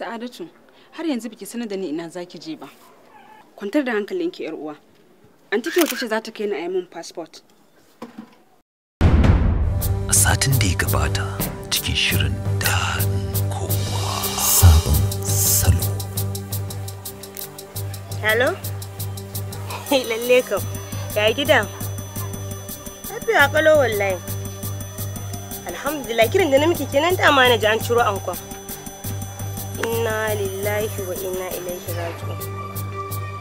Sa'adatu, har yanzu biki sanar da ni ina zaki je ba. Kwantar da hankalinki yar uwa. Anti wata ce za ta kai ni a mun passport. A satin da ya gabata cikin shirin daɗin kowa sabon salo. Hello? Lalle kam, ya gida. Lafiya kalau wallahi. Alhamdulillah kiran da na miki kenan dama na ji an ciro ankon. inna lillahi wa inna ilaihi raji'un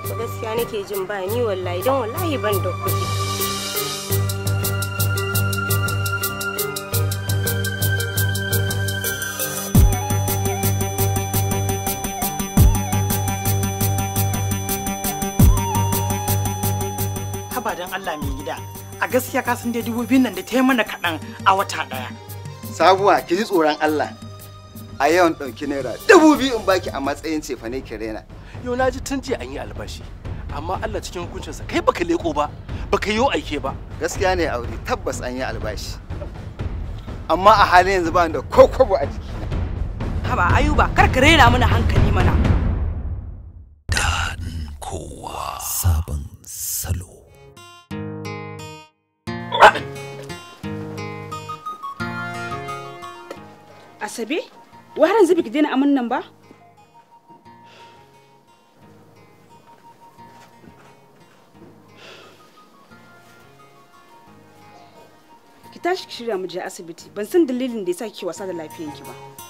to gaskiya nake jin ba ni wallahi don wallahi ban da kuɗi haba dan Allah mai gida a gaskiya ka san dai dubobin nan da ta mana kaɗan a wata ɗaya sabuwa ki tsoron Allah a yawan ɗauki naira dubu biyu in baki a matsayin cefane ki raina. Yau na ji tun jiya an yi albashi, amma Allah cikin hukuncinsa kai baka leko ba, baka yi aike ba. Gaskiya ne aure tabbas an yi albashi. Amma a halin yanzu ba da ko a jikina. Haba Ayuba kar ka raina mana hankali mana. Dan kowa sabon salo. Asabe? Wai har yanzu biki daina amin nan ba? Ki tashi ki shirya mu je asibiti. Ban san dalilin da yasa kike wasa da lafiyarki ba.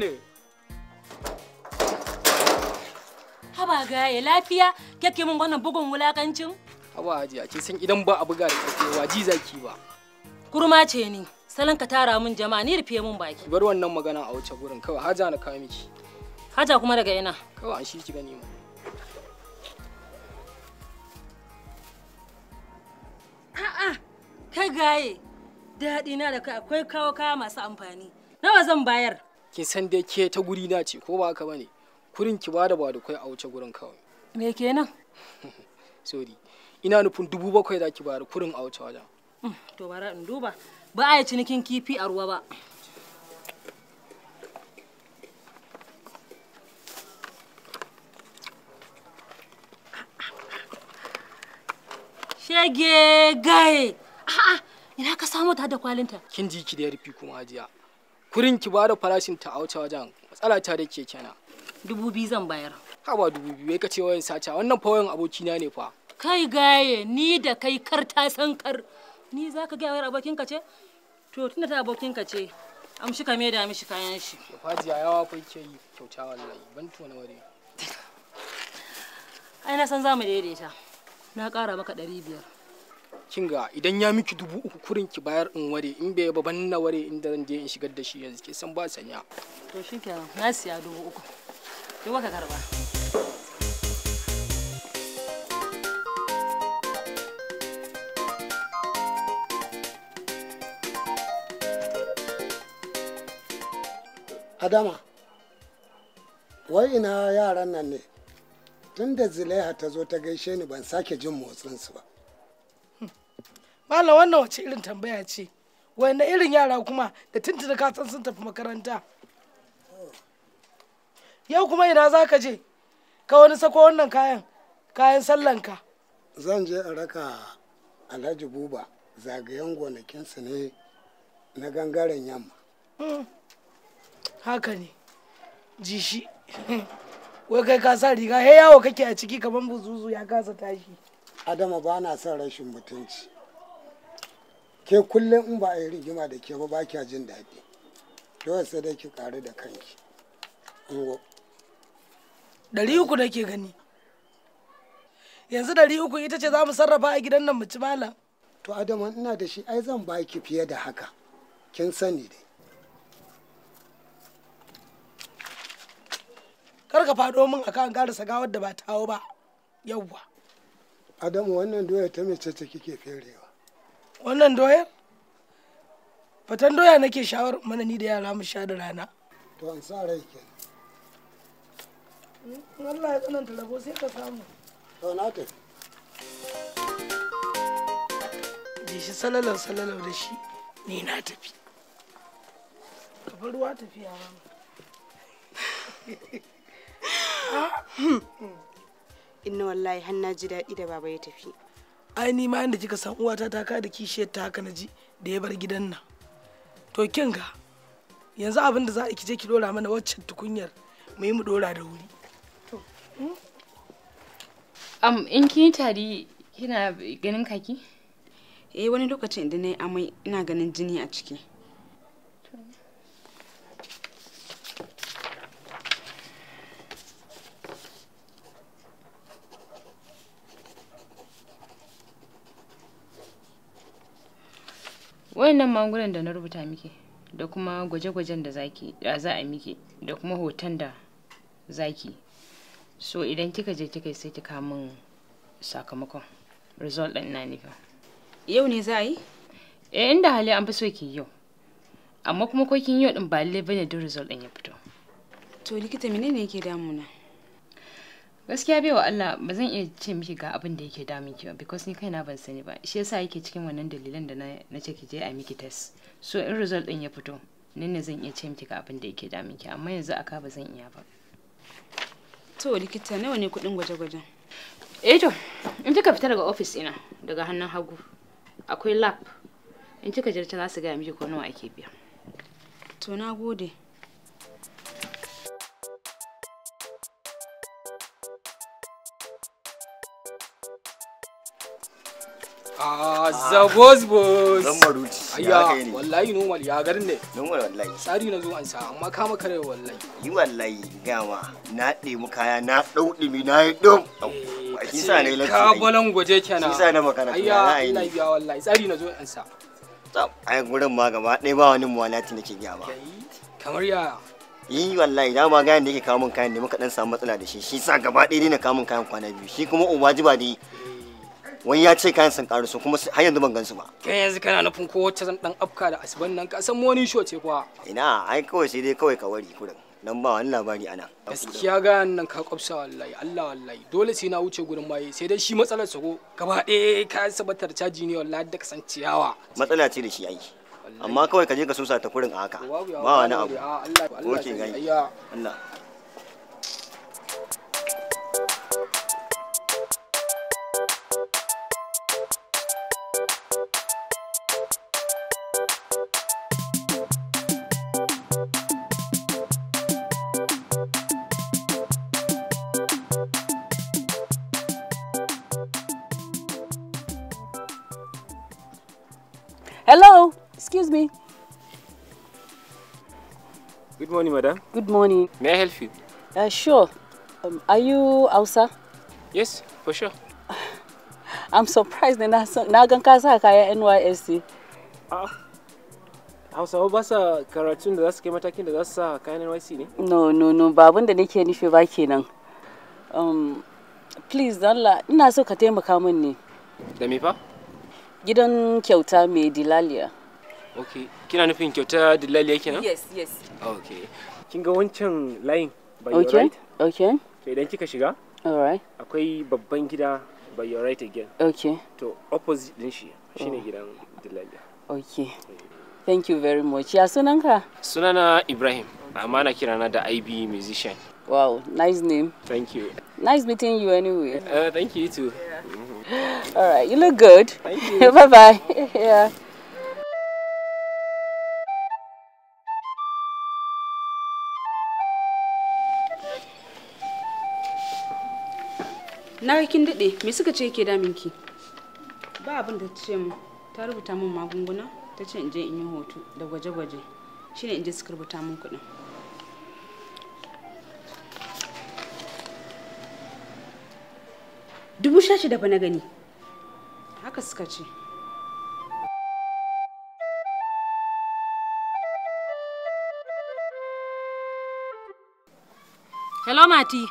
ne ne haba gaya lafiya kake min wannan bugun wulakancin haba a ce san idan ba a buga da tsakewa ji zaki ba kurma ce ni salon ka tara min jama'a ni rufe min baki bar wannan magana a wuce gurin kawai haja na kawo miki haja kuma daga ina kawai an shi ki gani mu a'a kai gaye daɗi na da kai akwai kawo kaya masu amfani nawa zan bayar ki san dai ke ta guri na ce ko ba haka bane kurin ki bada ba da kai a wuce gurin kawai me kenan sorry ina nufin dubu bakwai da ki bada kurin a wuce wajen mm, to bara in duba ba a yi cinikin kifi a ruwa ba shege gaye a'a ina ka samu ta da kwalinta kin ji ki da rufi kuma hajiya kurin ki bada farashin ta a wuce wajen matsala ta da ke kenan dubu biyu zan bayar haba dubu biyu ka ce wayan sata wannan fa wayan abokina ne fa kai gaye ni da kai kar ta san kar ni za ka gaya wayar ka ce to tunda ta abokinka ce amshi ka da mishi kayan shi fajiya yawa kai ke yi kyauta wallahi ban tona ware ai na san za mu daidaita na kara maka ɗari biyar kin ga idan ya miki dubu uku kurin ki bayar in ware in bai ba na ware in da je in shigar da shi yanzu ke san ba sanya to shikenan na siya dubu uku ki ka karba Adama, wai ina yaran nan ne, tun da Zulaiha ta zo ta gaishe ni ban sake jin motsinsu ba. malam wannan wace irin tambaya ce wanda irin yara kuma da tuntuna ka san sun tafi makaranta yau kuma ina za ka je ka wani sako wannan kayan kayan sallanka zan je a raka alhaji buba zagayen gonakinsu ne na gangaren yamma hmm. haka ne ji shi wai kai ka sa riga he yawo kake a ciki kamar buzuzu ya kasa tashi adama ba na son rashin mutunci ke kullum in ba a yi rigima da ke ba ba kya jin daɗi yawan sai da ki ƙaru da kanki ɗari uku da ke gani yanzu ɗari uku ita ce za mu sarrafa a gidan nan mu ci malam to adama ina da shi ai zan baki fiye da haka kin sani dai kar ka faɗo min akan karasa gawar da ba hau ba yawwa adamu wannan doya ta mace ce kike ferewa wannan doyar fatan doya nake shawar mana ni da yara mu sha da rana to an sa rai ke Allah ya tsananta labo sai ka samu to na ta ji shi salalar salalar da shi ni na tafi ka bar ruwa tafi tafiya ma inna wallahi har na ji daɗi da baba ya tafi ai ni ma yanda kika san uwata ta ka da kishiyar ta haka ji da ya bar gidan nan to kin yanzu abin da za a kije ki dora mana waccan tukunyar mu yi mu dora da wuri to hmm? am in kin tari kina ganin kaki eh wani lokacin idan nayi amai ina ganin jini a ciki wayannan magungunan da na rubuta miki da kuma gwaje-gwajen da zaki da za a miki da kuma hoton da zaki so idan kika je kika sai kika min sakamakon result din na nika yau ne za a yi eh inda hali an fi so ki yau amma kuma ko kin yau din ba lalle bane don result din ya fito to likita menene yake damuna gaskiya bai wa Allah ba zan iya ce miki ga abin da yake damun ki ba because ni kaina ban sani ba shi yasa yake cikin wannan dalilan da na ce ki je a miki test so in result din ya fito ni ne zan iya ce miki ga abin da yake damun ki amma yanzu aka ba zan iya ba to likita nawa ne kudin gwaje-gwajen eh to in kika fita daga office ina daga hannun hagu akwai lab in kika jirta za su ga miki ko nawa ake biya to na gode Zabos bos. Zan maruti. Ayya wallahi normal ya garin ne. Normal wallahi. Tsari na zo an sa amma kama kare wallahi. Yi wallahi gama na ɗemi kaya na ɗau ɗimi na yi ɗau. Eh, shi sa ne lafiya. Ka balan gwaje kenan. Shi sa na makana. Ayya Allah biya wallahi tsari na zo an sa. Ai gurin ma gaba ɗaya ba wani muwalati nake gyama. Kamar ya. yi wallahi da ma gayan da yake kawo min kayan ne muka dan samu matsala da shi shi sa gaba ɗaya ne na kawo min kayan kwana biyu shi kuma uba ji dai eh, wani ya ce kayan sun karu su kuma har yanzu ban gansu ba kai yanzu kana nufin ko wacce zan dan afka da asban nan ka san moni show ce kuwa ina ai kawai sai dai kawai ka wari kurin nan ba wani labari ana gaskiya ga nan ka kwafsa wallahi Allah wallahi dole sai na wuce gurin maye sai dai shi matsalar sago gaba ɗaya kayan sabatar caji ne wallahi da kasan ciyawa matsala ce da shi ai amma kawai ka je ka susa ta kurin a haka ba wani abu ko ke gani Allah Hello, excuse me. Good morning, madam. Good morning. May I help you? Uh, sure. Um, are you Hausa? Yes, for sure. I'm surprised na na gan ka sa kaya NYSC. Ah. Hausa ba sa karatun da za su kai matakin da za su sa kayan NYC ne? No, no, no, ba abin da nake nufi ba kenan. nan. Um, please, Allah, ina so ka taimaka min ne. Da me fa? gidan kyauta mai dilaliya ok kina nufin kyauta dilaliya kenan yes yes ok kin ga wancan layin by okay. your right ok to idan kika shiga alright akwai babban gida by your right again ok to opposite din shi shine gidan dilaliya ok thank you very much ya sunanka sunana ibrahim amma na kirana da ib musician Wow, nice name. Thank you. Nice meeting you anyway. Uh, thank you too. Yeah. All right, you look good. Thank you. bye bye. yeah. Na kin daɗe, me suka ce yake daminki? Ba abin da ta ce mu. Ta rubuta min magunguna, ta ce in je in yi hoto da gwaje-gwaje. Shine in je suka rubuta min kuɗin. dubu sha shida na gani haka suka ce hello mati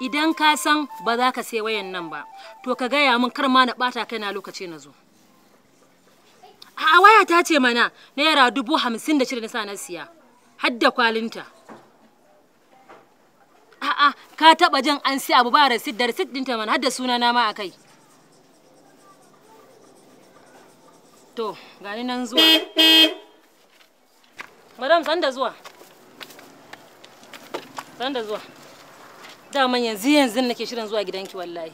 idan ka san ba za ka sai wayan nan ba to ka gaya min kar ma na bata kai na lokaci na zo a waya ta ce mana naira dubu hamsin da shida na sa na siya har da kwalinta ka taba jin an sai abu ba rasid da rasid dinta man har da suna na ma akai to gani nan zuwa madam san da zuwa san da zuwa daman yanzu yanzu nake shirin zuwa gidanki wallahi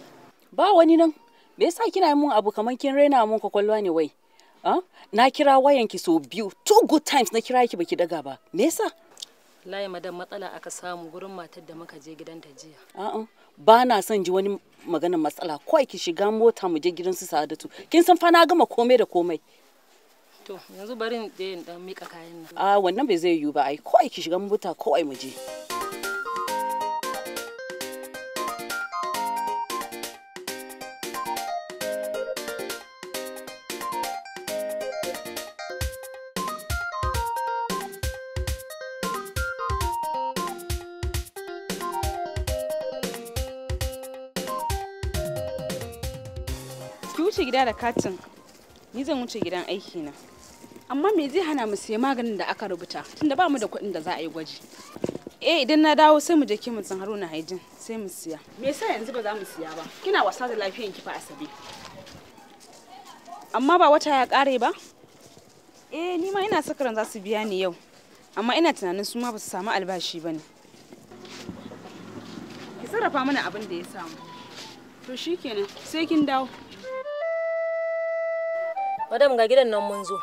ba wani nan me yasa kina mun abu kamar kin raina mun kwakwalwa ne wai ah? na kira wayanki so biyu two good times na kira ki baki daga ba me yasa layi madan matsala aka samu gurin matar da muka je gidanta jiya a'a ba na son ji wani maganar matsala kawai ki shiga mota mu je gidan su sa'adatu kin san fa na gama komai da komai to yanzu bari in je in dan mika kayan nan A'a, wannan bai zai yiwu ba ai kawai ki shiga mota kawai mu je gida da katin ni zan wuce gidan aiki na amma me zai hana mu sayi maganin da aka rubuta tunda ba mu da kuɗin da za a yi gwaji eh idan na dawo sai mu je ki san haruna haijin sai mu siya me yasa yanzu ba za mu siya ba kina wasa da lafiyar ki fa asabe amma ba wata ya kare ba eh ni ma ina sakaran za su biya ni yau amma ina tunanin su ma ba su samu albashi ba ne ki sarrafa mana abin da ya samu to shikenan sai kin dawo madam ga gidan nan mun zo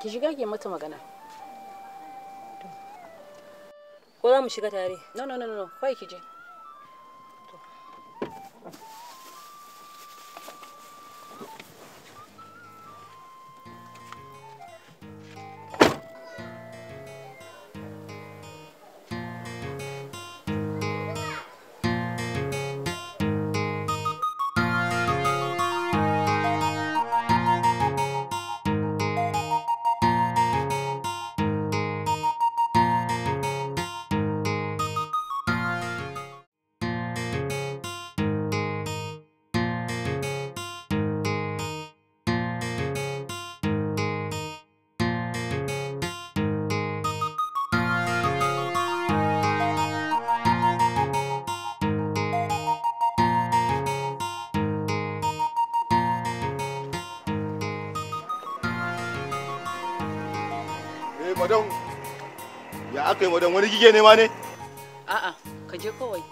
ki shiga ki mata magana ko za mu shiga tare no no no no kai ki je kai yi wani gige ne ma ne? A'a, ka je kawai.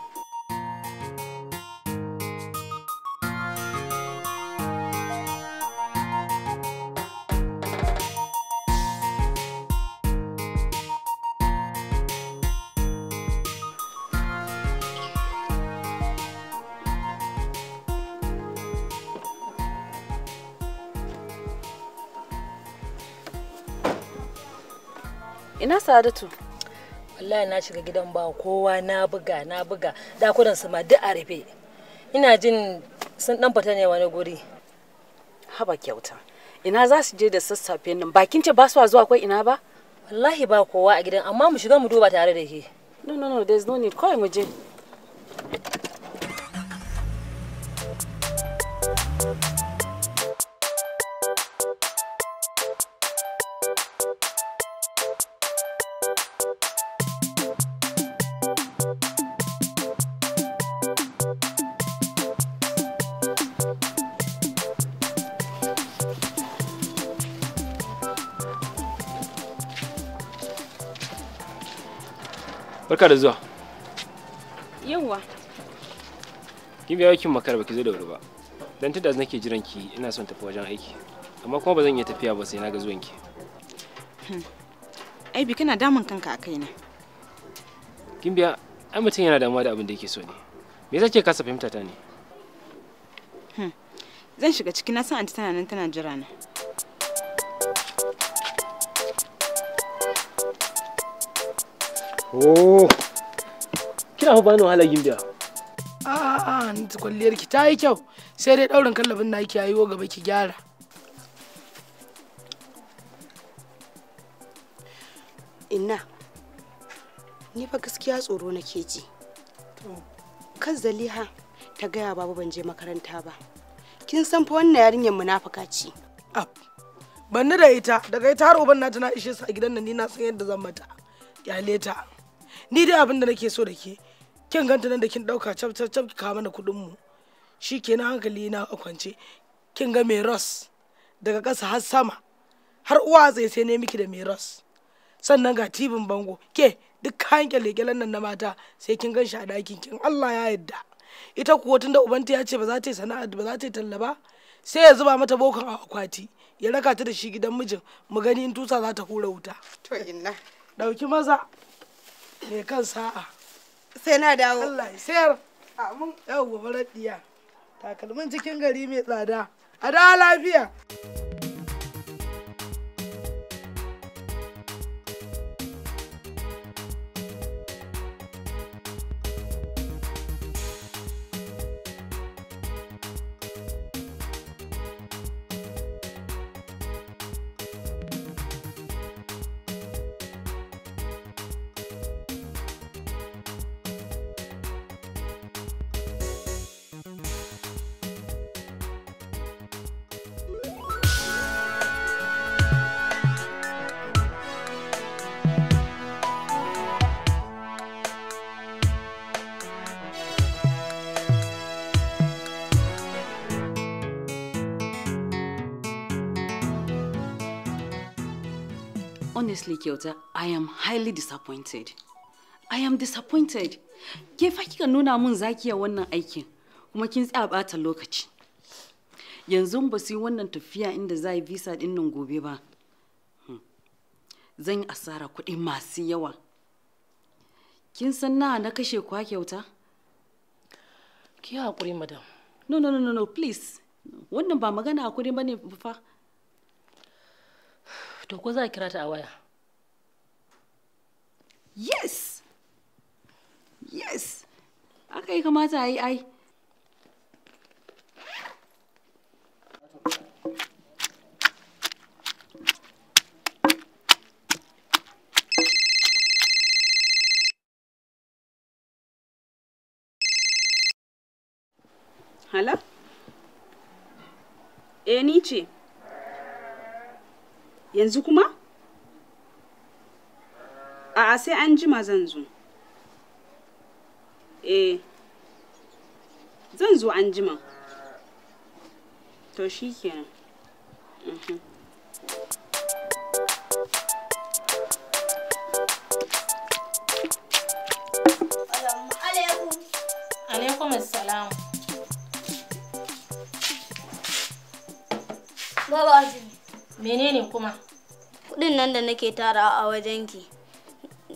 Ina Sadatu? wallahi na shiga gidan ba kowa na buga na buga dakunan su ma duk a rufe ina jin sun dan fita ne wani guri haba kyauta ina za su je da sassafe nan kin ce ba su zuwa kai ina ba wallahi ba kowa a gidan amma mu shiga mu duba tare da ke no no no there's no need kawai mu je thank you barka da zuwa yawa kin biya aikin makar baki zo da wuri ba dan tunda nake jiran ki ina son tafi wajen aiki amma kuma ba zan iya tafiya ba sai na ga ki. Hmm. ai bi kana damun kanka a kaina kin biya ai mutum yana damuwa da abin da yake so ne me yasa ke kasa fahimta ta ne hmm. zan shiga ciki na san anti tana nan tana jira na Oh. Kina fa bani wahala A'a, ni kwalliyar ki ta yi kyau. Sai dai daurin kallabin na ki yayo gaba ki gyara. Inna. Ni fa gaskiya tsoro nake ji. Kan Zaliha ta gaya babu ban je makaranta ba. Kin san fa wannan yarinyar munafuka ce. Ab. Banni da ita, daga ita har uban nata na ishe su a gidan nan ni na san yadda zan mata. Kyale ta. ni dai abin da nake so da ke kin ganta nan da kin dauka cap cap cap ka mana kuɗin mu shi shikenan hankali na a kwance kin ga mai ras daga kasa har sama har uwa tsaye sai ne miki da mai ras sannan ga tibin bango ke duk kayan kyalekyalen nan na mata sai kin gan a dakin kin Allah ya yarda ita kuwa tun da ubanta ya ce ba za ta yi sana'a ba za ta yi talla ba sai ya zuba mata bokan a akwati ya raka ta da shi gidan mijin mu gani in tusa za ta hura wuta to inna dauki maza Me kan sa'a. Sai na dawo. Allah ya sayar. Amin. Yau gobe raɗiya. Takalmin cikin gari mai tsada. A da lafiya. Honestly, kyauta, I am highly disappointed. I am disappointed. Ke fa kika nuna mun zakiya wannan aikin, kuma kin tsaya bata lokaci. Yanzu ba su yi wannan tafiya inda za yi visa din nan gobe ba. Hmm. Zan yi asara kuɗi masu yawa. Kin san na na kashe kwa kyauta? Ki haƙuri, madam. No, no, no, no, no, please. Wannan ba magana hakuri bane fa. To ko za a kira ta a waya? yes yes aka yi kamata a yi ai Hala? eni eh, ce. Yanzu kuma? a'a sai an jima zan zo eh zan zo an jima to shi kenan mhm. alaikum assalam baba menene kuma kudin nan da nake tara a wajenki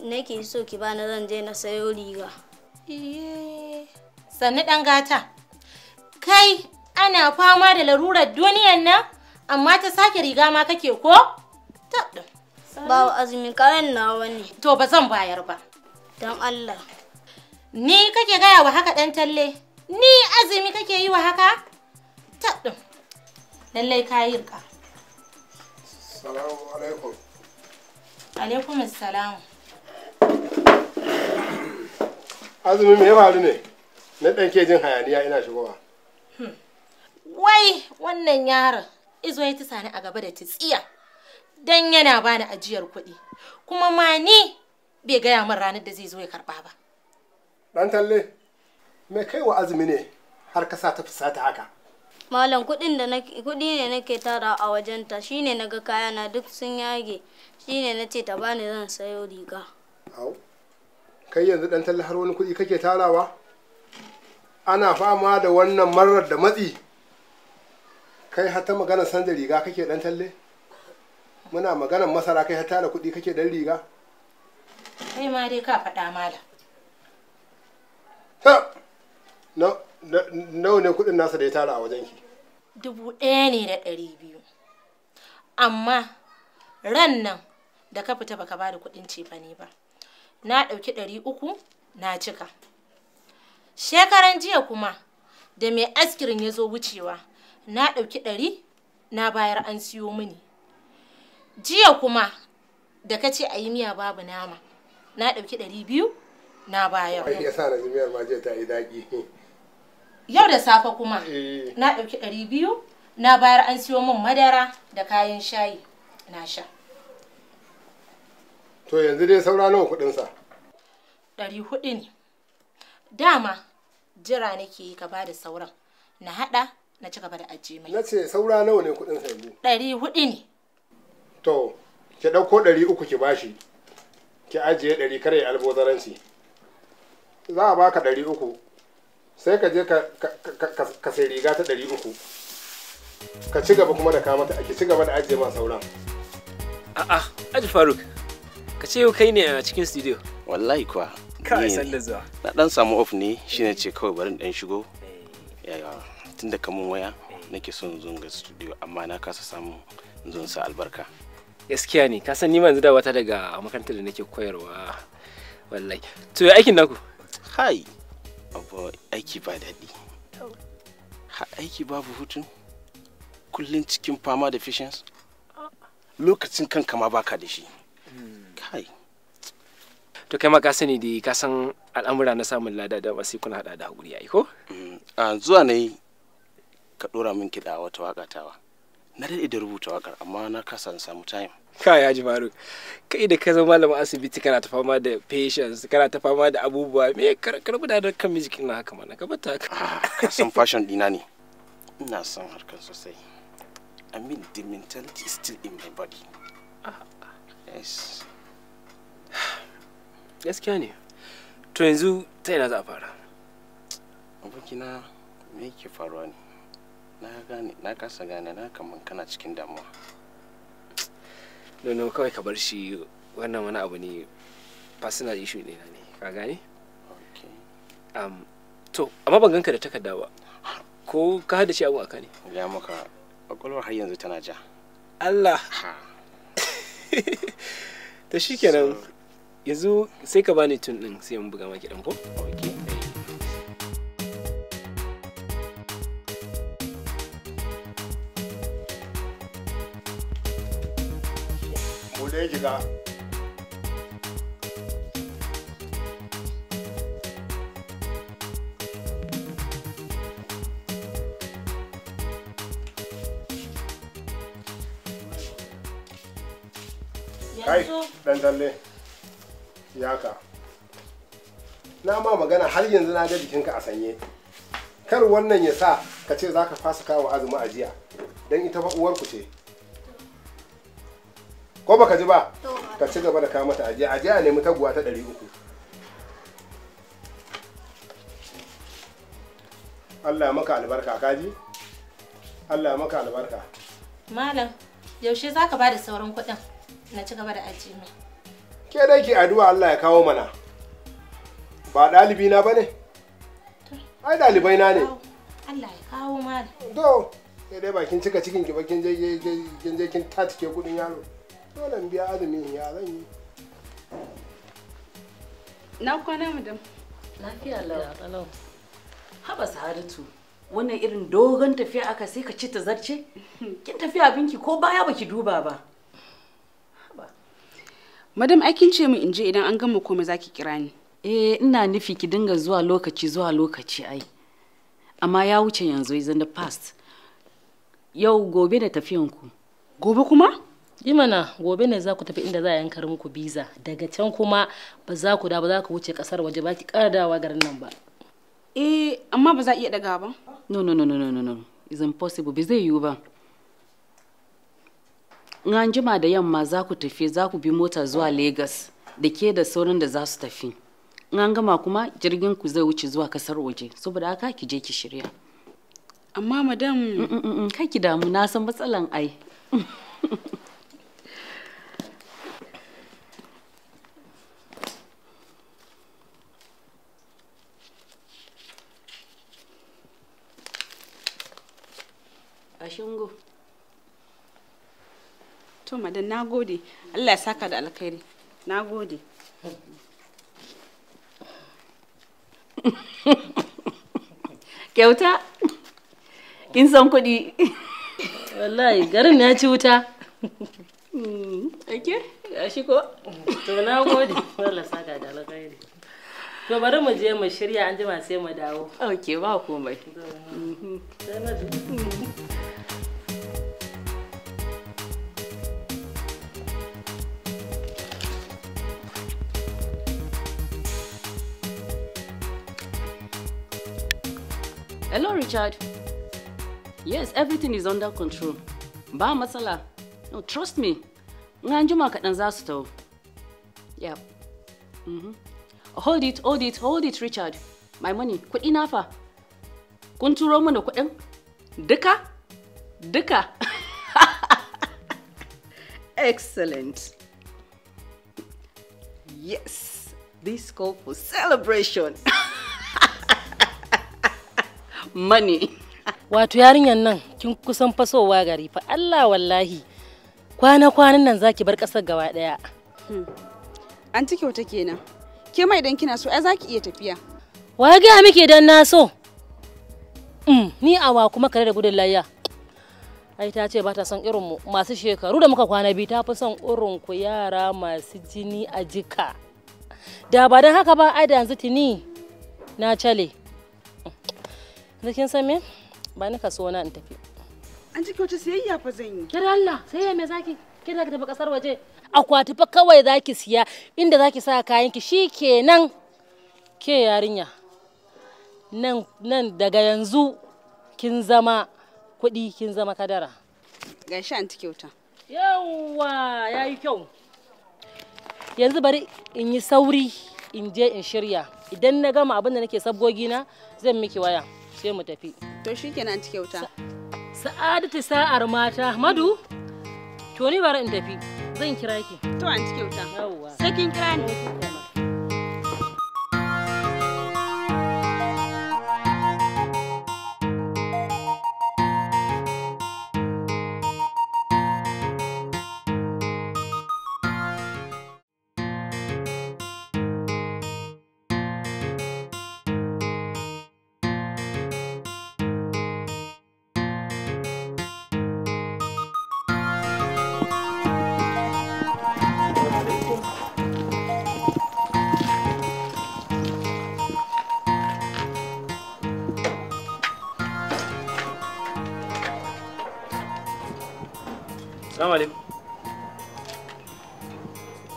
nake so ki bani zan je na sayo riga. Sannu ɗan gata. Kai ana fama da larurar duniyan nan amma ta sake riga ma kake ko? Ba azumi kayan nawa ne. To ba zan bayar ba. Don Allah. Ni kake gaya wa haka ɗan talle? Ni azumi kake yi wa haka? Taɗin. Lallai ka yi Salamu alaikum. Alaikum salamu. azumi me ya faru ne na dan ke jin hayaniya ina shigowa wai wannan yaron izo ya tisa ni a gaba da tsiya dan yana bani ajiyar kuɗi kuma ma ni bai gaya min ranar da zai zo ya karɓa ba dan talle me kai wa azumi ne har ka ta fusata haka malam kuɗin da kuɗi ne nake tara a wajenta shine naga kaya na duk sun yage shine nace ta bani zan sayo riga au kai yanzu dan talle har wani kuɗi kake tarawa ana fama da wannan marar da matsi kai har ta magana san da riga kake dan talle muna maganar masara kai har tara kuɗi kake dan riga kai ma dai ka faɗa mala ha nawa ne kuɗin nasa da ya tara a wajen ki. dubu ɗaya ne da ɗari biyu amma ran nan da ka fita baka ba da kuɗin cefane ba na ɗauki ɗari uku na cika shekaran jiya kuma da mai askirin ya zo wucewa na ɗauki ɗari na bayar an siyo mini jiya kuma da ka ce a yi miya babu nama na ɗauki ɗari biyu na bayar ya sa na miyar ma ta yi daƙi yau da safe kuma eh. na ɗauki ɗari biyu na bayar an siyo min madara da kayan shayi na sha to yanzu dai saura nawa kuɗinsa ɗari hudu ne dama jira nake yi ka bada sauran na haɗa na ci gaba da ajiye mai na ce saura nawa ne kuɗinsa yanzu ɗari hudu ne to ki ɗauko ɗari uku ki bashi ki ajiye ɗari kare albozaranci za a baka ɗari uku sai ka je ka sai riga ta ɗari uku ka ci gaba kuma da kamata ki ci gaba da ajiye ma sauran a'a aji faruk ka ce yau kai ne a cikin studio wallahi kuwa kai san da zuwa na dan samu off ne shine ce kawai barin dan shigo eh. yawa tunda kamun waya eh. nake son zuwa ga studio amma na kasa samu zuwa sa albarka gaskiya ne ka san ni yanzu da wata daga makarantar da nake koyarwa wallahi to ya aikin naku hai abu aiki ba daɗi ha aiki babu hutu kullum cikin fama da fishins ah. lokacin kan ma baka da shi kai to kai ma ka sani da ka san al'amura na samun lada da ba sai kuna hada da hakuri ai ko mm, a zuwa ne ka dora min kiɗa wata waka tawa na daɗe da rubuta wakar amma na kasa samu time ka ya ji faru kai da ka zama malamin asibiti kana ta fama da patients kana ta fama da abubuwa me karbu da kan music na haka mana ka bata ah, ka san fashion dina ne ina son harkar sosai i mean the mentality is still in my body ah, ah. yes gaskiya ne to yanzu ta yana za a fara abokina me yake faruwa ne na gane na kasa gane na kaman kana cikin damuwa nono kawai ka bar shi wannan wani abu ne personal issue ne na ne ka gane to amma ban ganka da takarda ba ko ka hada shi abu aka ne ya maka kwakwalwar har yanzu tana ja Allah to shikenan yanzu sai ka bani tun din sai mun buga maki dan ko okay Kai, yaka na ma magana har yanzu na ga jikinka a sanye kar wannan ya sa ka ce za ka fasa kawo azumi a jiya don ita fa ku ce ko baka ji ba ka ci gaba da kawo mata ajiya ajiya nemi taguwa ta 300 Allah ya maka albarka kaji Allah ya maka albarka malam yaushe za ka ba da sauran kuɗin na ci gaba da ajiya mai ke dai ki addu'a Allah ya kawo mana ba ɗalibi na bane ai ɗalibai na ne Allah ya kawo mana to ke dai bakin cika cikin ki bakin je kin je kin tatike kudin yaro dole in biya azumi ya zan yi na kwana madam lafiya lau haba saratu wannan irin dogon tafiya aka sai ka ci ta zarce kin tafi abinki ko baya baki duba ba madam aikin ce mu in je idan an gama komai zaki kira ni eh ina nufi ki dinga zuwa lokaci zuwa lokaci ai amma ya wuce yanzu is in the past yau gobe da tafiyan ku gobe kuma Imana gobe ne za ku tafi inda za a yankar muku biza daga can kuma ba za ku da ba za ku wuce kasar waje ba ki kara dawa garin nan ba. Eh amma ba za a iya daga ba. No no no no no no no is impossible ba zai yiwu ba. in an jima da yamma za ku tafi za ku bi mota zuwa Legas da ke da saurin da za su tafi. In an gama kuma jirgin ku zai wuce zuwa kasar waje saboda haka ki je ki shirya. Amma madam kai ki damu na san matsalan ai. to madan na gode allah ya saka da alkhairi na gode kyauta kin san kuɗi wallahi garin ya ci wuta mm. ake a shi ko to na gode wallah saka da alkhairi to bari mu je mu shirya an jima sai mu dawo ok ba komai mm. Hello, Richard. Yes, everything is under control. Ba masala. No, trust me. Ngan juma kaɗan za Yep. Mm -hmm. Hold it, hold it, hold it, Richard. My money, kuɗi na Kuntu Kun no mana Deka. Duka? Duka. Excellent. Yes, this call for celebration. mani wato yarinyar nan kin kusan fasowa gari fa Allah wallahi kwana kwanan nan zaki bar kasar gaba daya hmm. an ci kyauta kenan ke mai idan kina so ai zaki iya tafiya wa ga muke dan na so mm, ni awa kuma kare da gudun layya ai ta ce ba ta son irin mu masu shekaru da muka kwana biyu ta fi son irin ku yara masu jini a jika da ba don haka ba ai da yanzu tuni na cale da kin san me ba ni kaso na in tafi an ciki wace sayayya fa zan yi kira Allah sayayya me zaki kin da tafi kasar waje akwati fa kawai zaki siya inda zaki sa kayan ki shikenan ke yarinya nan nan daga yanzu kin zama kuɗi kin zama kadara shi an kyauta yawa yayi kyau yanzu bari in yi sauri in je in shirya idan na gama abin da nake sabgogi na zan miki waya sai mu tafi to shikenan ci kyauta sa'adatu sa'ar mata madu to ni bari in tafi zan kira ki to an ci kyauta sai kin kira ni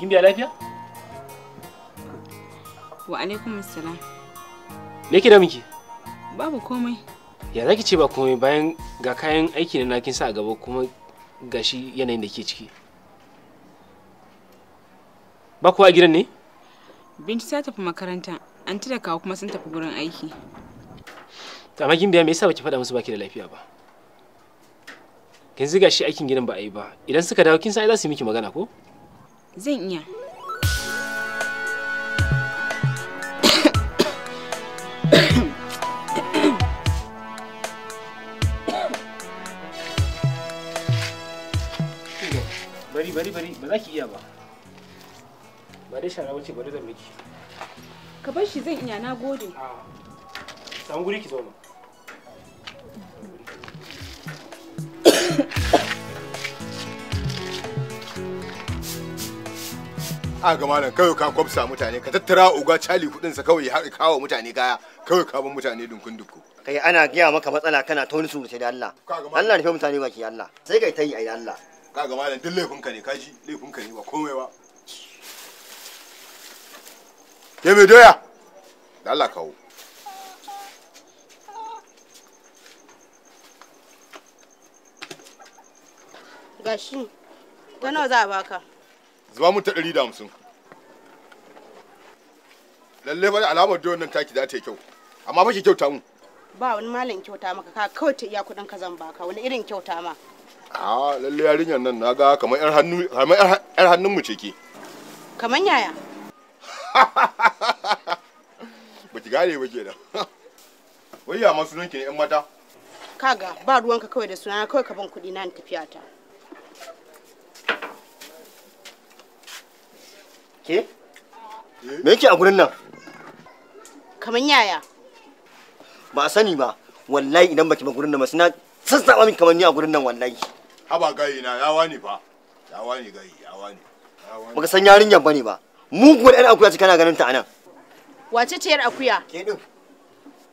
kin biya lafiya wa alaikum assalam me ke da miki babu komai ya zaki ce ba komai bayan ga kayan aiki na kin sa a gaba kuma gashi yanayin da ke ciki ba kowa a gidan ne binci ta tafi makaranta an da kawo kuma sun tafi gurin aiki amma kin biya me yasa baki faɗa musu baki da lafiya ba kin ziga shi aikin gidan ba a yi ba idan suka dawo kin san ai za su yi miki magana ko zan iya bari bari bari ba za ki iya ba ba dai shara wace bari zan miki ka bar shi zan iya na gode samu guri ki zo Thank you. a ga malam kawai ka kwabsa mutane ka tattara uga cali kudin sa kawai har kawo mutane kaya kawai ka bin mutane dunkun dukku kai ana gaya maka matsala kana ta wani surutai da Allah Allah rufe mutane baki Allah sai kai tayi ai Allah ka ga malam duk laifin ka ne kaji laifin ka ne ba komai ba ke mai doya da Allah kawo gashi ta nawa za a baka zuba mun ta ɗari da hamsin lallai fa alamar doyon nan taki za ta yi kyau amma ba kyau kyauta mu ba wani malam kyauta maka ka kawai ta iya kuɗin ka zan baka wani irin kyauta ma a lalle yarinyar nan na ga kamar yar hannu kamar yar hannun mu ceke kamar yaya ba ki gane ba kenan wai ya ma sunan ki ne yan mata kaga ba ruwanka kawai da sunana kawai ka ban kuɗi na tafiya ta Ke? Me yake a gurin nan? Kamar yaya? Ba a sani ba. Wallahi idan baki ba gurin nan ba suna sassaɓa min kamar ni a gurin nan wallahi. Haba gayi na yawa ne fa. Yawa ne gayi, yawa ne. Baka san yarinyar bane ba. Muguwar 'yan akuya ce kana ganin ta anan. Wace ce 'yar akuya? Ke din.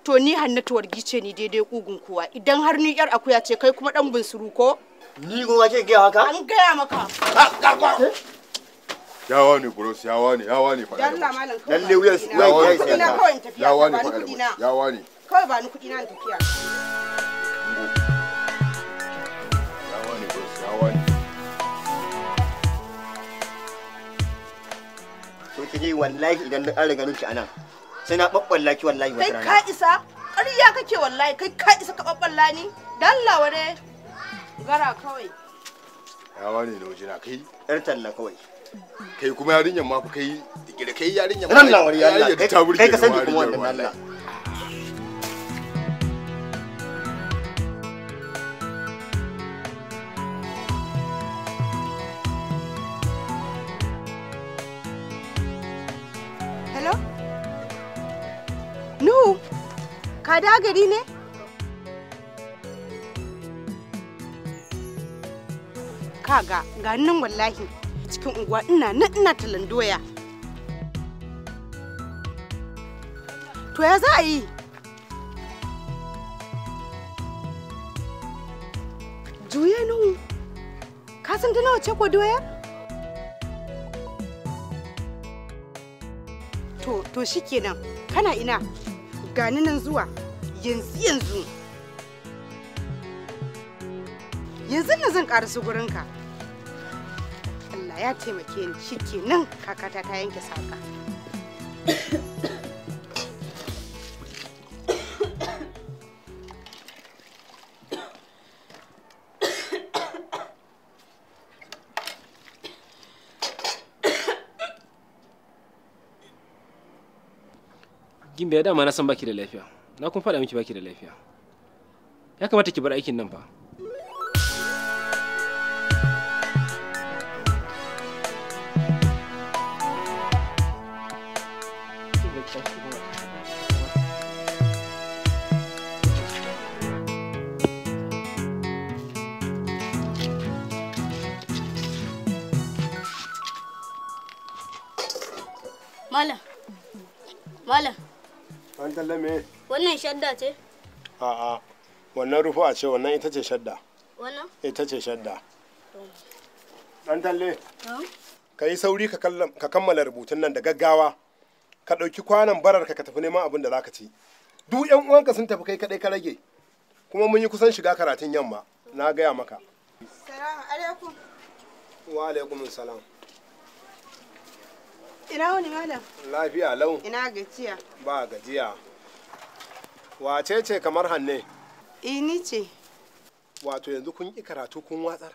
to ni hannatuwar gice ni daidai kugun kowa idan har ni yar akuya ce kai kuma dan bunsuru ko ni goma ke gaya haka an gaya maka ah, eh? yawa ne bros yawa ne yawa ne faɗa da malam lalle wuyan yawa ne kuɗi na kawai tafiya yawa ne faɗa na yawa ne kawai ba ni kudi na tafiya yawa ne bros yawa ne to wallahi idan an riga nuki anan sai na babballaki wallahi wata rana kai ka isa ƙarya kake wallahi kai ka isa ka babballa ni dalla ware gara kawai yawa ne da wajina kai yar talla kawai kai kuma yarinyar ma kai digire kai yarinyar ma Allah wari Allah kai ka sani kuma wannan Allah Hello? gari ne? Kaga, ga nan wallahi. cikin unguwa ina nan ina talan doya to ya za a yi juye nuhu ka san nawa wace ko doyar to to kenan, kana ina gani nan zuwa yanzu yanzu yanzu na zan ƙarasu gurinka Allah ya taimake ni nan kakata ta yanke saka Gimbe ya dama na san baki da lafiya. Na kun faɗa miki baki da lafiya. Ya kamata ki bar aikin nan fa. Wannan me? Wannan shadda ce? A'a. Wannan rufuwa ce, wannan ita ce shadda. Wannan? Ita ce shadda. Dan talle. Ka yi sauri ka kammala rubutun nan da gaggawa. Ka ɗauki kwanan barar ka tafi neman abin da za ka ci. Duk 'yan uwanka sun tafi kai kaɗai ka rage. Kuma mun yi kusan shiga karatun yamma. Na gaya maka. Salamu alaikum. Wa alaikum salam. Ina wani malam? Lafiya lau. Ina gajiya. Ba gajiya. Wace ce kamar hanne? Ini e, ce. Wato yanzu kun yi karatu kun watsar.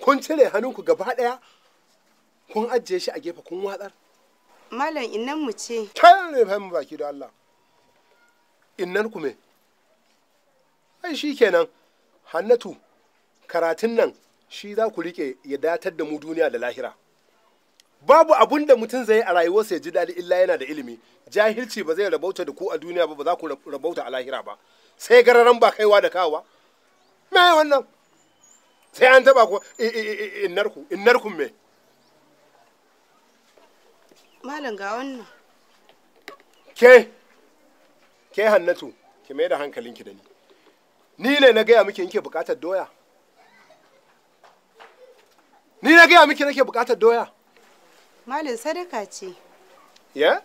Kun cire hannunku gaba ɗaya kun ajiye shi a gefe kun watsar. Malam innan mu ce. Kan ne fahimta baki da Allah. Innan ku me? Ai shi kenan. Hannatu karatun nan shi za ku riƙe ya datar da mu duniya da lahira. babu abun da mutum zai a rayuwarsa ya ji daɗi illa yana da ilimi jahilci ba zai rabauta da ku a duniya ba ba za ku rabauta a lahira ba sai gararan ba kaiwa da kawa me wannan sai an taba ku innarku innarku me malam ga wannan ke ke hannatu ki mai da hankalinki da ni ni ne na gaya miki yake bukatar doya ni na gaya miki nake bukatar doya Malin sadaka ce. Ya?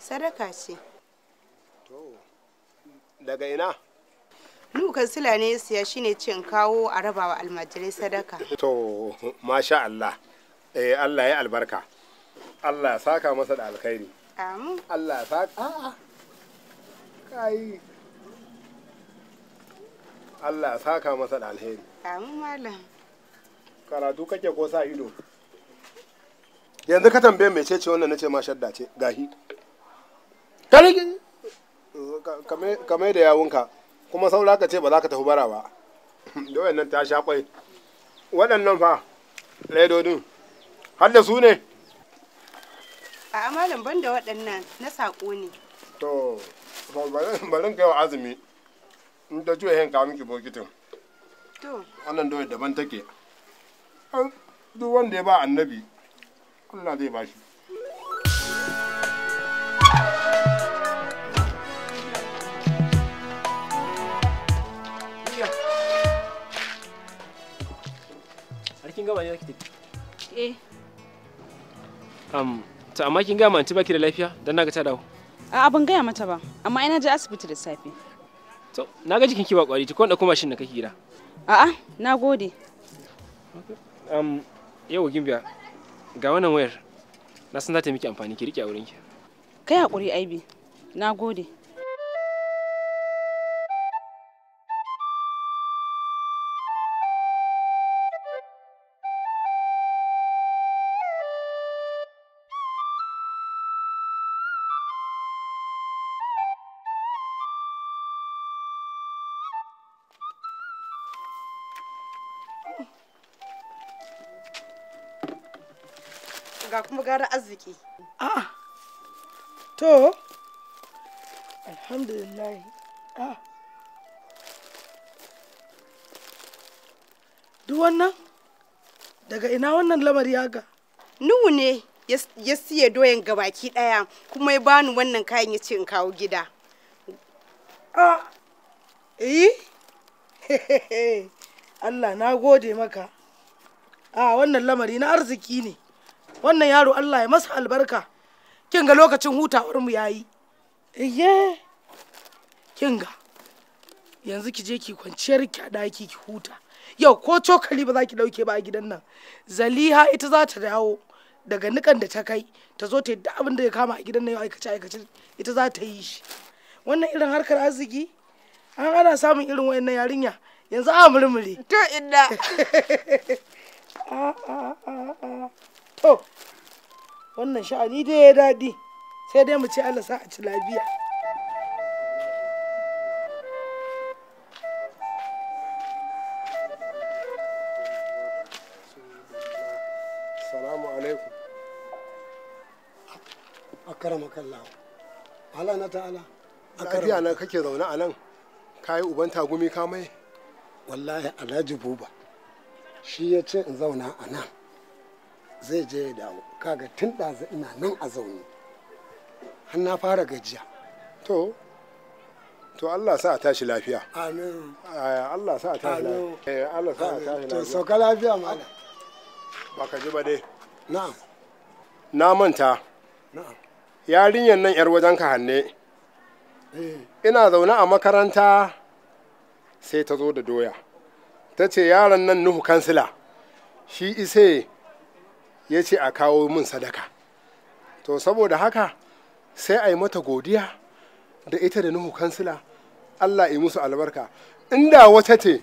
Sadaka ce. To, daga ina? Lukan sila ne siya shi ne cin kawo a raba wa almajirai sadaka. To, masha Allah. Eh, Allah ya albarka. Allah ya saka masa da alkhairi. Amin. Allah ya saka. A'a. Kai. Allah ya saka masa da alheri. Amin malam. Karatu kake ko sa ido? yanzu ka tambaye mai ce wannan na ce ma shadda ce gahi kame da yawunka kuma saura ka ce ba za ka tafi bara ba da wayannan ta sha kwai waɗannan fa laidodin har da su ne a amalin ban da waɗannan na saƙo ne to barin kai wa azumi in ta juya hen kamun bokitin to wannan doyar daban take duk wanda ya ba annabi Allah zai shi Harkin gama ne zaki tafi? Eh. ta amma kin gama ba baki da lafiya dan naga ta dawo. A'a ban gaya mata ba, amma ina je asibiti da safe. To, na ga jikin ki ba kwari, ki da kuma shin da kake gida. A'a, na gode. yau Gimbiya, ga wannan wayar na san za ta miki amfani ki rike a wurinki kai hakuri aibi na gode gara arziki a'a ah. to alhamdulillah a'a ah. duk wannan daga ina wannan lamari ga? nuhu ne ya siya doyan gabaki ɗaya kuma ya bani wannan kayan ya ce in kawo gida he, ah. eh? Allah na gode maka a wannan lamari na arziki ne wannan yaro Allah ya masa albarka kin ga lokacin hutawar mu yayi iye kin ga yanzu ki je ki kwanciyar ki a daki ki huta yau ko cokali ba za ki dauke ba a gidan nan zaliha ita za ta dawo daga nikan da ta kai ta zo ta yi da abin da ya kama a gidan nan yau aikace aikace ita za ta yi shi wannan irin harkar arziki an ana samun irin wayannan yarinya yanzu a murmure to inda ah, ah, ah, to wannan sha'ani dai ya daɗi sai dai mu ci Allah sa a ci lafiya salamu na ta'ala nan kake zaune a nan kayi uban tagumi ka mai wallahi alhaji buba shi ya ce in zauna a nan zai je ya dawo kaga tun ɗazu ina nan a zaune har na fara gajiya to to Allah sa a tashi lafiya amin Allah sa a tashi lafiya eh, Allah sa a tashi lafiya to sauka lafiya mala ba ka ji ba dai na'am na manta na'am yarinyar nan yar wajen ka hanne eh. ina zaune a makaranta sai ta zo da doya ta ce yaron nan nuhu kansila shi isai ya ce a kawo min sadaka to saboda haka sai a yi mata godiya da ita da nuhu kansila allah yi musu albarka inda wata ce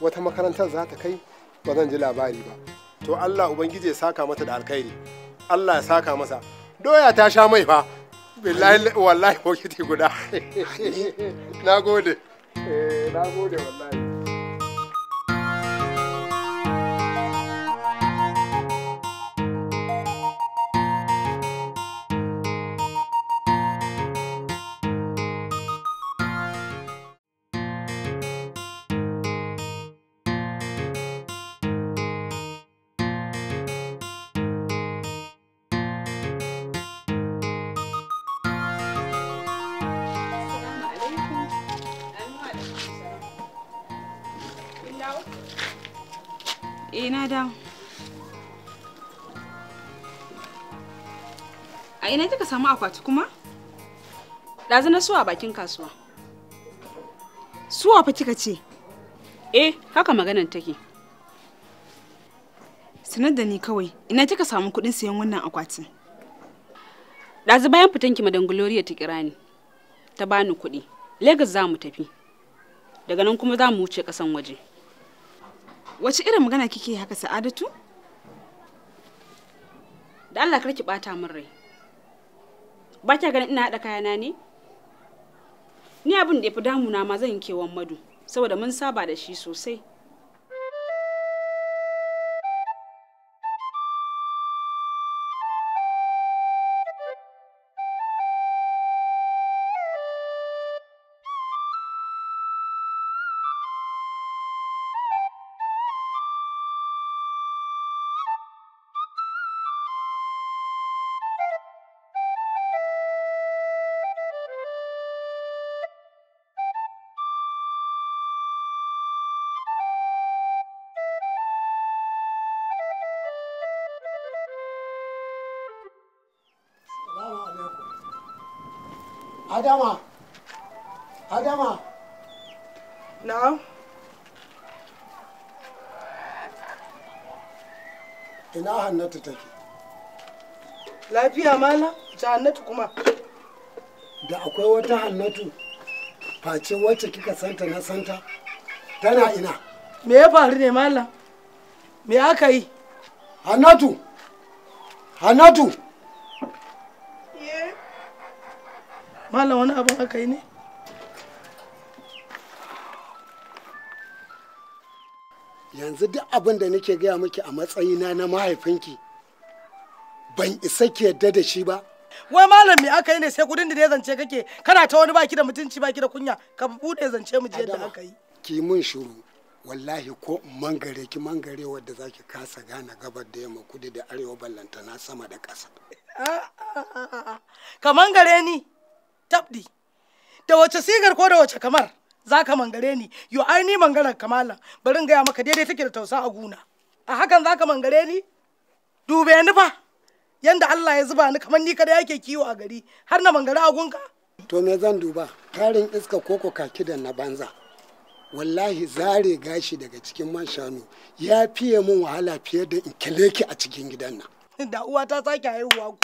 wata makarantar za ta kai ba zan ji labari ba to allah ubangiji ya saka mata da alkhairi allah ya saka masa doya ta sha mai fa billahi wallahi bokiti guda na gode eh, na gode wallahi samu akwati kuma? Ɗazu na suwa bakin kasuwa. Suwa fa kika ce? Eh, haka magana take. Sanar da ni kawai, ina kika samu kuɗin sayan wannan akwatin? Ɗazu bayan fitan ki madan Gloria ta kira ni. Ta bani kuɗi. legas za mu tafi. Daga nan kuma za mu wuce kasan waje. Wace irin magana kike haka Sa'adatu? Da Allah kar ki ɓata min rai. ba kya ganin ina haɗa kayana ne ni abin da ya fi damuna ma zan yi kewan madu saboda mun saba da shi sosai Adama. Adama. Na'am. Ina Hannatu take? Lafiya mala, ta Hannatu kuma. Da akwai wata Hannatu face wacce kika santa na santa tana ina. Me ya faru ne mala? Me aka yi? Hannatu! Hannatu! malam wani abin aka yi ne yanzu duk abin da nake gaya miki a matsayina na mahaifinki ban isa ki yadda da shi ba wai malam me aka yi ne sai kudin da ne zance kake kana ta wani baki da mutunci baki da kunya ka bude zance mu je yadda aka yi ki mun shuru wallahi ko mangare ki mangare wadda zaki kasa gane gabar da yamma kudi da arewa ballantana sama da ƙasa ka mangare ni tabdi da wace sigar ko da wace kamar zaka ka mangare ni yo ai mangarar kamala barin gaya maka daidai take da tausa a guna a hakan zaka ka mangare ni dube ni fa yanda Allah ya zuba ni kamar ni kada yake kiwo a gari har na mangare a gunka to me zan duba tarin iska koko kaki da na banza wallahi zare gashi daga cikin man shanu ya fiye mun wahala fiye da in kileki a cikin gidan nan da uwa ta sake haihuwa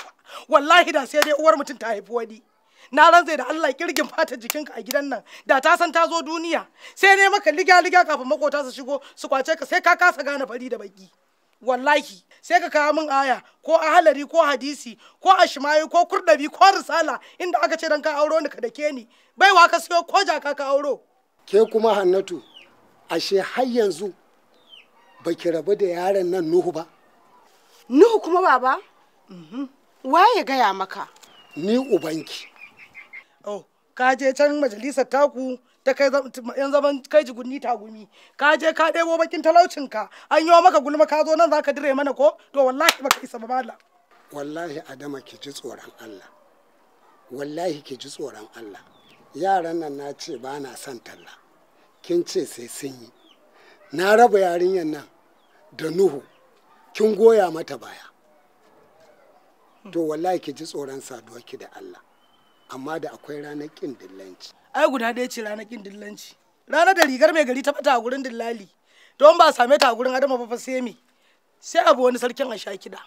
wallahi da sai dai uwar mutum ta haifi wani na rantsai da Allah kirgin fata jikinka a gidan nan da ta san ta zo duniya sai ne maka liga liga kafin makota su shigo su kwace ka sai ka kasa gane fari da baki wallahi sai ka kawo min aya ko a halari ko hadisi ko a shimayi ko kurdabi ko risala inda aka ce dan ka auro ni ka dake ni baiwa ka siyo ko jaka ka auro ke kuma hannatu ashe har yanzu baki rabu da yaron nan nuhu ba nuhu kuma baba mhm. waye gaya maka ni ubanki Oh, ka je can majalisar taku ta kai yan zaman kai jigunni tagumi ka je ka ɗebo bakin talaucinka an yi maka gulma ka zo nan za ka dire mana ko to wallahi baka isa ba mala wallahi adama ki ji tsoron allah wallahi ki ji tsoron allah yaran nan na ce ba na son talla kin ce sai sun yi na raba yarinyar nan da nuhu kin goya mata baya to wallahi ki ji tsoron saduwa ki da allah amma da akwai ranar kin dillanci ai guda ɗaya ce ranar kin dillanci ranar da rigar mai gari ta fata a gurin dillali don ba same ta a gurin adama ba fa sai me sai abu wani sarkin a sha kiɗa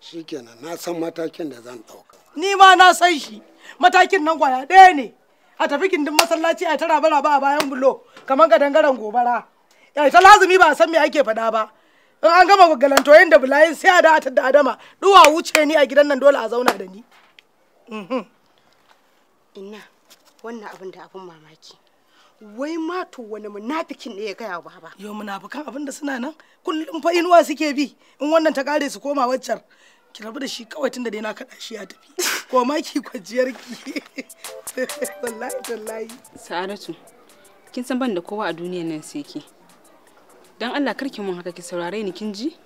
shikenan na san matakin da zan ɗauka ni ma na san shi matakin nan kwaya ɗaya ne a tafi kindin masallaci a tara bara ba a bayan bulo kamar ga dangaren gobara ya ta lazumi ba a san me ake faɗa ba in an gama galantoyin da bulayin sai a da da adama duwa wuce ni a gidan nan dole a zauna da ni Mhm. Ina wannan abin da abin mamaki. Wai ma to wani munafikin ne ya gaya wa baba. Yo munafikan abin da suna nan kullum fa inuwa suke bi in wannan ta kare su koma waccar. Ki rabu da shi kawai tunda dai na kaɗa shi ya tafi. Ko ma ki kwajiyar ki. Wallahi wallahi. kin san ban da kowa a duniyar nan sai ki. Dan Allah karki mun haka ki saurare ni kin ji?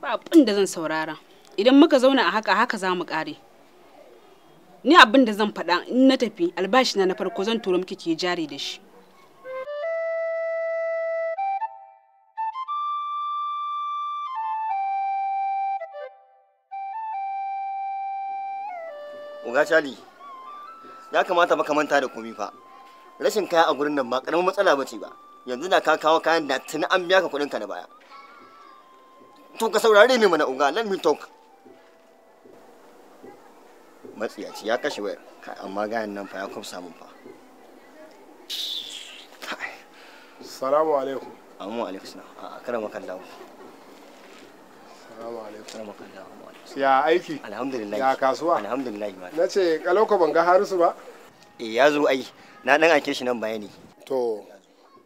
Ba abin da zan saurara. Idan muka zauna a haka haka za mu kare. ni abin da zan faɗa in na tafi albashi na na farko zan turo miki ke jari da shi Uga Charlie, ya kamata maka manta da komi fa. Rashin kaya a gurin nan ba karamin matsala ce ba. Yanzu na ka kawo kayan da tuni an biya ka ka na baya. To ka saurare ni mana Uga, let me talk. matsiyaci ya kashe wayar amma gayan nan fa ya kwafsa mun fa salamu alaikum amma alaikum salam a karama kan dawo salamu alaikum ya aiki alhamdulillah ya kasuwa alhamdulillah ma na ce kalauka ban ga harisu ba eh ya zo ai na dan ake shi nan bayani to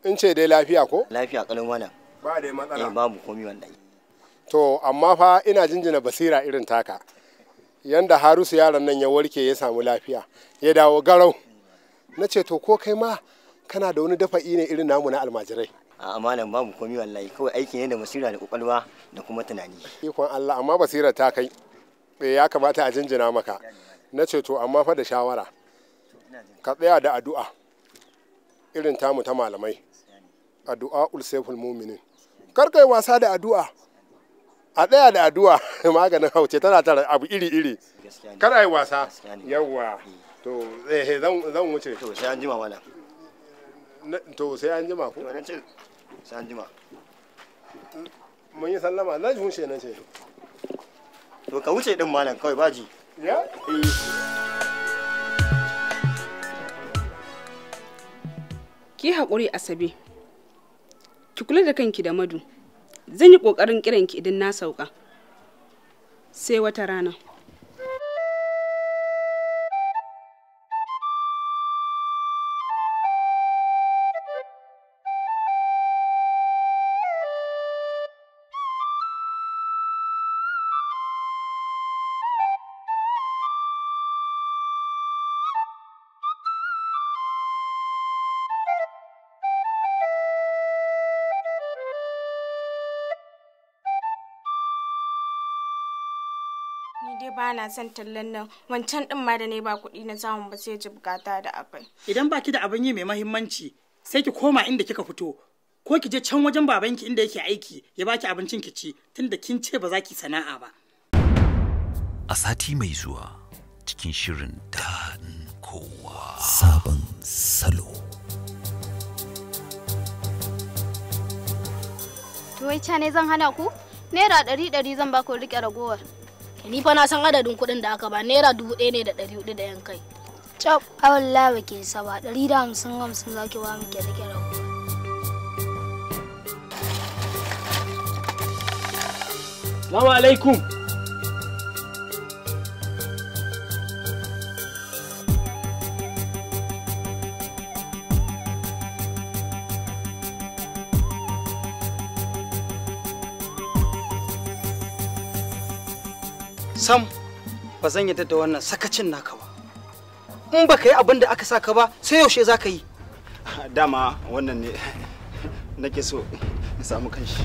in ce dai lafiya ko lafiya kalin wannan ba dai matsala eh babu komai wannan to amma fa ina jinjina basira irin taka yanda harusu yaron nan ya warke ya samu lafiya ya dawo garau na ce to ko kai ma kana da wani dafa'i ne irin namu na almajirai a amalan babu komi wallahi kawai aiki ne da basira da kwakwalwa da kuma tunani ikon Allah amma basira ta kai eh, ya kamata a jinjina maka na ce to amma fa da shawara ka tsaya da addu'a irin tamu ta malamai addu'a ul saiful mu'minin kar kai wasa da addu'a a ɗaya da addu'a maganin hauce tana tara abu iri-iri kada yi wasa yawwa to eh, eh, zan wuce to sai an jima wala to sai an jima ko sai an jima mun yi sallama na wuce nan ce to ka wuce din malam kawai baji ya ki haƙuri asabe ki kula da kanki da madu zan yi ƙoƙarin kiranki idan na sauka sai wata rana na son tallan nan wancan din ma da ne ba kuɗi na samun ba sai ji bukata da abai idan baki da abin yi mai mahimmanci sai ki koma inda kika fito ko ki je can wajen babanki inda yake aiki ya baki abincin ki ci tunda kin ce ba za ki sana'a ba a sati mai zuwa cikin shirin da kowa sabon salo to wai ne zan hana ku naira ɗari ɗari zan ba ku riƙe ragowar ni fa na san adadin kuɗin da aka ba naira dubu ɗaya ne da ɗari hudu da yan kai cap a ba ke saba ɗari da hamsin hamsin za ki ba mu ke rike rago Salamu alaikum. ba zan yadda da wannan sakacin naka ba in ba ka yi abin da aka saka ba sai yaushe za ka yi dama wannan ne nake so in samu kanshi